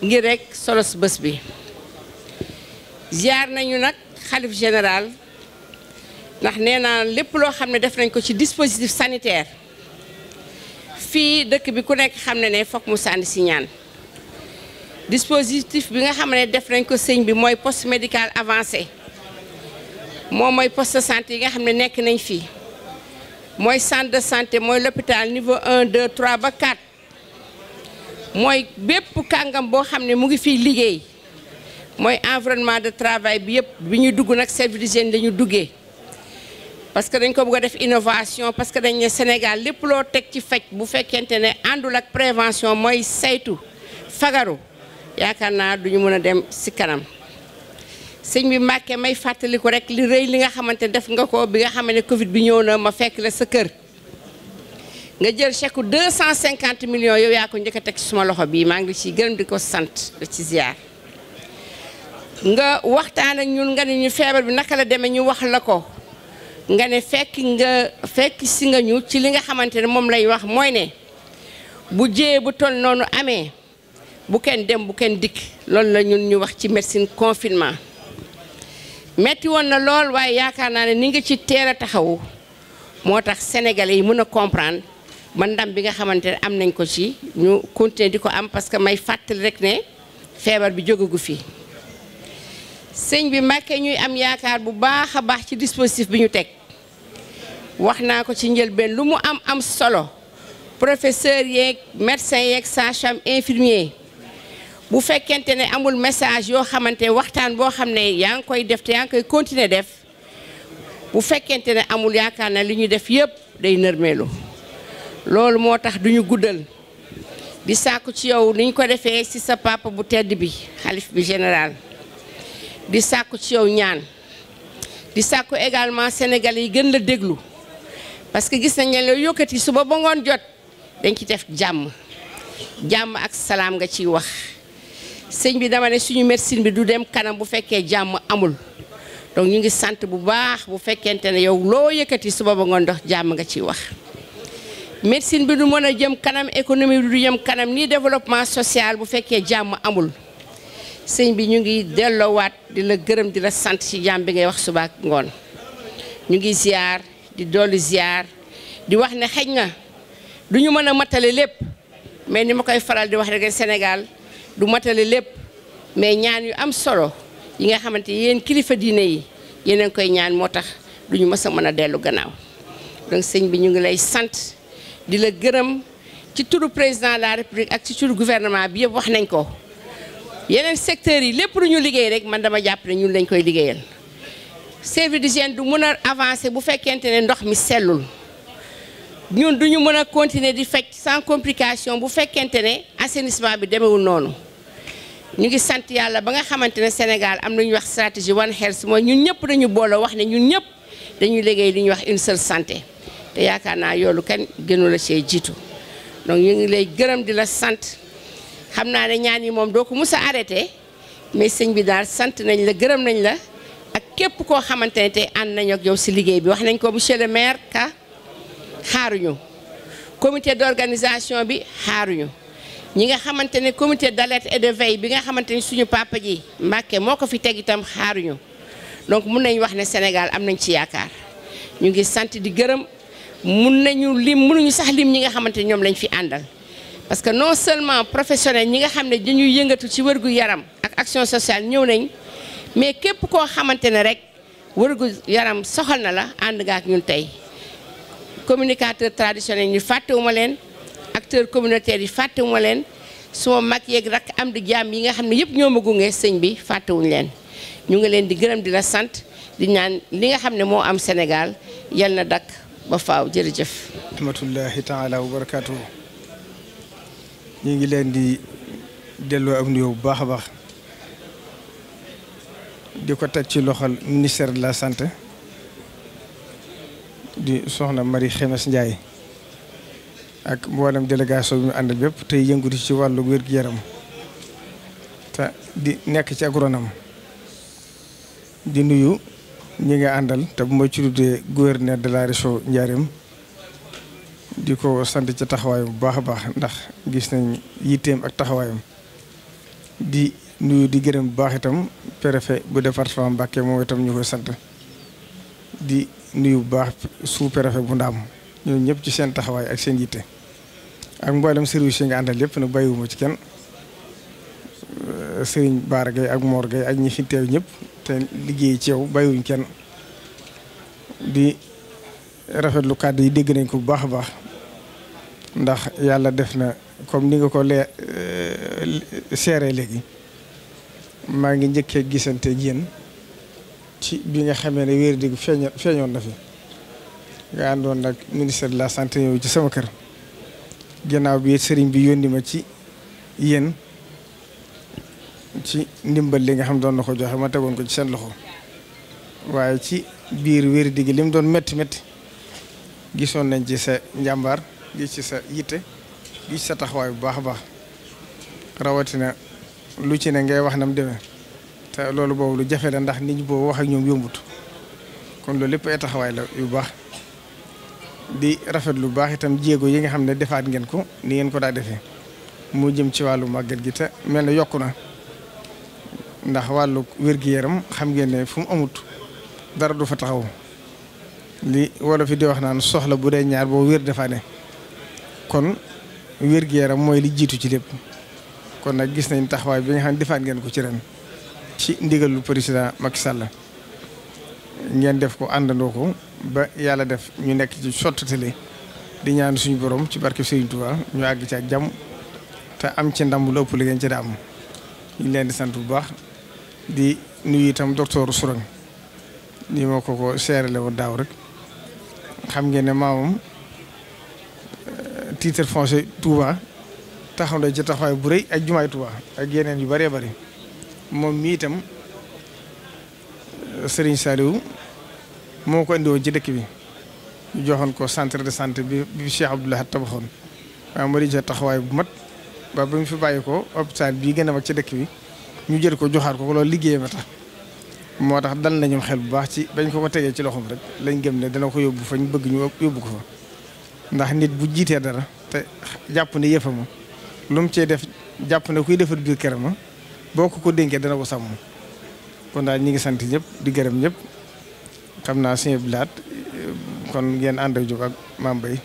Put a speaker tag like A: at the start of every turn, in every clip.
A: ngir rek solos bës bi ziar nañu nag xalif général ndax nee naa lépp loo xam ne def nañ ko ci dispositif sanitaire fii dëkk bi ku nekk xam ne ne foog mu sànni si ñaan dispositif bi nga xam ne def nañ ko sëñ bi mooy post médical avancé moom mooy poste de santé yi nga xam ne nekk nañ fii mooy centre de santé mooy l'hôpital niveau un 2 3 ba 4 mooy bépp kàngam boo xam ne mu ngi fiy liggéey mooy environnement de travail bi yëpp bi ñuy dugg nag service d'hygiène dañu duggee parce que dañ ko bugg a def innovation parce que dañ ne Sénégal lépp loo teg ci faj bu fekkente ne àndul ak prévention mooy saytu fagaru yaakaar naa duñu mën a dem si kanam sëñ bi Mbàkke may fàttaliku rek li rëy li nga xamante def nga ko bi nga xam ne Covid bi ñëw na ma fekk la sa kër nga jël chèque deux cent cinquante millions yow yaa ko njëkk a teg ci suma loxo bii maa ngi ci gërëm di ko sant da ci ziar nga waxtaan ak ñun nga ne ñu feebar bi naka la deme ñu wax la ko nga ne fekk nga fekk si nga ñu ci li nga xamante ne moom lay wax mooy ne bu jiyee bu toll noonu amee bu kenn dem bu kenn dikk loolu la ñun ñu wax ci médecine confinement metti woon na lool waaye yaakaar naa ne ni nga ci teel a taxawu moo tax sénégal yi mun a comprendre man ndam bi nga xamante ne am nañ ko ci ñu continuer di ko am parce que may fàttali rek ne feebar bi jógagu fi sëñ bi Mbàkke ñuy am yaakaar bu baax a baax ci dispositif bi ñu teg wax naa ko ci njëlbeen lu mu am am solo professeur yeeg médecin yeeg sage-femme infirmier bu fekkente ne amul message yoo xamante waxtaan boo xam ne yaa ngi koy def te yaa ngi koy continuer def bu fekkente ne amul yaakaar na li ñu def yëpp day nërmeelu loolu moo tax duñu guddal di sàkku ci yow niñ ko defee si sa papa bu tedd bi xalif bi général di sàkku ci yow ñaan di sàkku également sénégal yi gën la déglu parce que gis nañ ne yëkkati suba ba ngoon jot dañ ci def jàmm jàmm ak salaam nga ciy wax sëñ bi dama ne suñu médecine bi du dem kanam bu fekkee jàmm amul donc ñu ngi sant bu baax bu fekkente ne yow loo yëkkati suba ba ngoon dox jàmm nga ciy wax médecine bi du mën a jëm kanam économie bi du jëm kanam ni développement sociale bu fekkee jàmm amul sëñ bi ñu ngi delloowaat di la gërëm di la sant ci jàmm bi ngay wax suba ak ngoon ñu ngi ziar di dolli ziar di wax ne xëj na du ñu mën a matale lépp mais ni ma koy faral di wax rek Sénégal du matale lépp mais ñaan yu am solo yi nga xamante yéen kilifa diine yi yéen a ngi koy ñaan moo tax du ñu mës a mën a dellu gannaaw donc sëñ bi ñu ngi lay sant. di la gërëm ci turu président la république ak ci turu gouvernement bi yëpp wax nañ ko yeneen secteurs yi lépp lu ñu liggéey rek man dama jàpp ne ñun lañ koy liggéeyal service d'hygiène du mën a avancer bu fekkente ne ndox mi sellul ñun duñu mën a continuer di fecc sans complication bu fekkente ne assainissement bi demewul noonu ñu ngi sant yàlla ba nga xamante ne Sénégal am na ñuy wax stratégie One Health mooy ñun ñëpp dañu boole wax ne ñun ñëpp dañuy liggéey li ñuy wax une seule santé te yaakaar naa yoolu kan gënu la see jiito donc ñu ngi lay gërëm di la sant xam naa ne ñaan yi moom doo ko mus a arrêté mais sëñ bi daal sant nañ la gërëm nañ la ak képp koo xamante ne tey ànd nañ ak yow si liggéey bi wax nañ ko monsieur le maire ka xaaruñu comité d'organisation bi xaaruñu ñi nga xamante ne comité d'alerte et de veille bi nga xamante ni suñu papa ji Mbàkke moo ko fi teg itam xaaruñu donc mun nañ wax ne Sénégal am nañ ci yaakaar ñu ngi sant mun nañu lim mënuñu sax lim ñi nga xamante ñoom lañ fi àndal parce que non seulement professionnel ñi nga xam ne dañuy yëngatu ci wërgu yaram ak action sociale ñëw nañ mais képp koo xamante ne rek wërgu yaram soxal na la ànd nga ak ñun tey communicateur traditionnel ñu fàttewuma leen acteur communautaire yi fàttewuma leen suma mag yeeg rak am di jàmm yi nga xam ne yëpp ñoo ma gunge sëñ bi fàttewuñ leen ñu ngi leen di gërëm di la sant di naan li nga xam ne moo am Sénégal yal na dakk ba faaw jërëjëf rahmatullahi
B: taala wa barakaatu ñu ngi leen di delloo am nuyoo bu baax a baax di ko teg ci loxol ministère de la santé di soxna Marie Xemes Ndiaye ak mboolem délégation bi mu àndal bépp tey yënguti ci wàllu wér-gu-yaram te di nekk ci agronome di nuyu ñi nga àndal te bu ma ci tuddee gouverneur de la région Ndiarème di ko sant ca taxawaay bu baax a baax ndax gis nañ yitteem ak taxawaayam di nuyu di gërëm bu baax itam préfet bu département Mbacké moom itam ñu koy sant di nuyu bu baax sous préfet bu ndaam ñoom ñëpp ci seen taxawaay ak seen yitte ak mboolem service yi nga àndal lépp nag bàyyiwuma ci kenn Serigne Bara Gueye ak Mor Gueye ak ñi fi teew ñëpp. liggéey ci yow bàyyiwuñ kenn di rafetlu kàddu yi dégg nañ ko bu baax a baax ndax yàlla def na comme ni nga ko lee eh, seere léegi maa ngi njëkkee gisante ak yéen ci bi nga xamee ne wér diggu feeñoon feeñoon na fi nga àndoon nag ministère de la santé ñëw ci sama kër ginnaaw bi sëriñ bi yónni ma ci yéen ci ndimbal li nga xam doon na ko joxe ma tegoon ko ci seen loxo waaye ci biir wér digi li mu doon metti métti gisoon nañ ci sa njàmbaar gi ci sa yitte gi ci sa taxawaay bu baax a baax rawatina lu ci ne ngay wax na mu demee te loolu boobu lu jafe la ndax nit ñi boobu wax ak ñoom yombut kon loolu lépp ay taxawaay la yu baax di rafet lu baax itam jéego yi nga xam ne defaat ngeen ko ni ngeen ko daa defee mu jëm ci wàllu màggal gi te mel na yokku na. ndax wàllu wér-gu-yaram xam ngeen ne fu mu amut dara du fa taxaw li wala fi di wax naan soxla bu dee ñaar boo wér dafa ne kon wér yaram mooy li jiitu ci lépp kon nag gis nañ taxawaay bi nga xam ne defaat ngeen ko ci ren ci ndigalu président Macky Sall ngeen def ko àndandoo ko ba yàlla def ñu nekk ci sottatale di ñaan suñu borom ci barke Serigne Touba ñu àgg ci ak te am ci ndam lu ëpp li ngeen ci da am ñu leen di sant bu baax di nuyu itam docteur Sourang ni moo ko ko seerale woon daaw rek xam ngeen ne maamam eh, titre foncier Touba taxaw na ci taxawaay bu rëy ak jumaay Touba ak yeneen yu bëree bëri moom mii itam eh, sëriñ Saliou moo ko indi ci dëkk bi ñu joxoon ko centre de santé bi bi Cheikh Abdoulaye tabaxoon waaw ma di taxawaay bu mat ba ba mu fi bàyyi ko hôpital bii gën a mag ci dëkk bi. ñu jël ko joxaat ko loolu liggéey ma tax moo tax dal nañu xel bu baax ci bañ ko ko tegee ci loxoom rek lañ gëm ne dana ko yóbbu fañ bëgg ñu yóbbu ko fa ndax nit bu jiitee dara te jàpp ne yëfa ma lu cee def jàpp ne kuy defar biir këram ma boo ko ko dénkee dana ko sàmm kon daal ñi ngi sant ñëpp di gërëm ñëpp xam naa suñu bilaat kon ngeen ànd ak jóg ak maam bay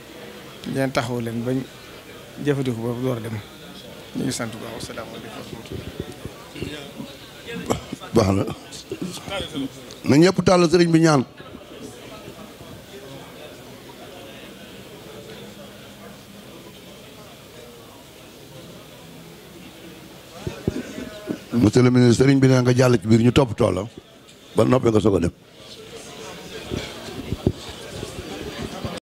B: taxaw leen bañ jëfandikoo ba door dem ñu ngi sant bu baax asalaamaaleykum wa rahmatulah baax na na ñëpp tàll sëriñ bi ñaan monsieur le ministre sëriñ bi ne nga jàll ci biir ñu topp toolam ba noppi dem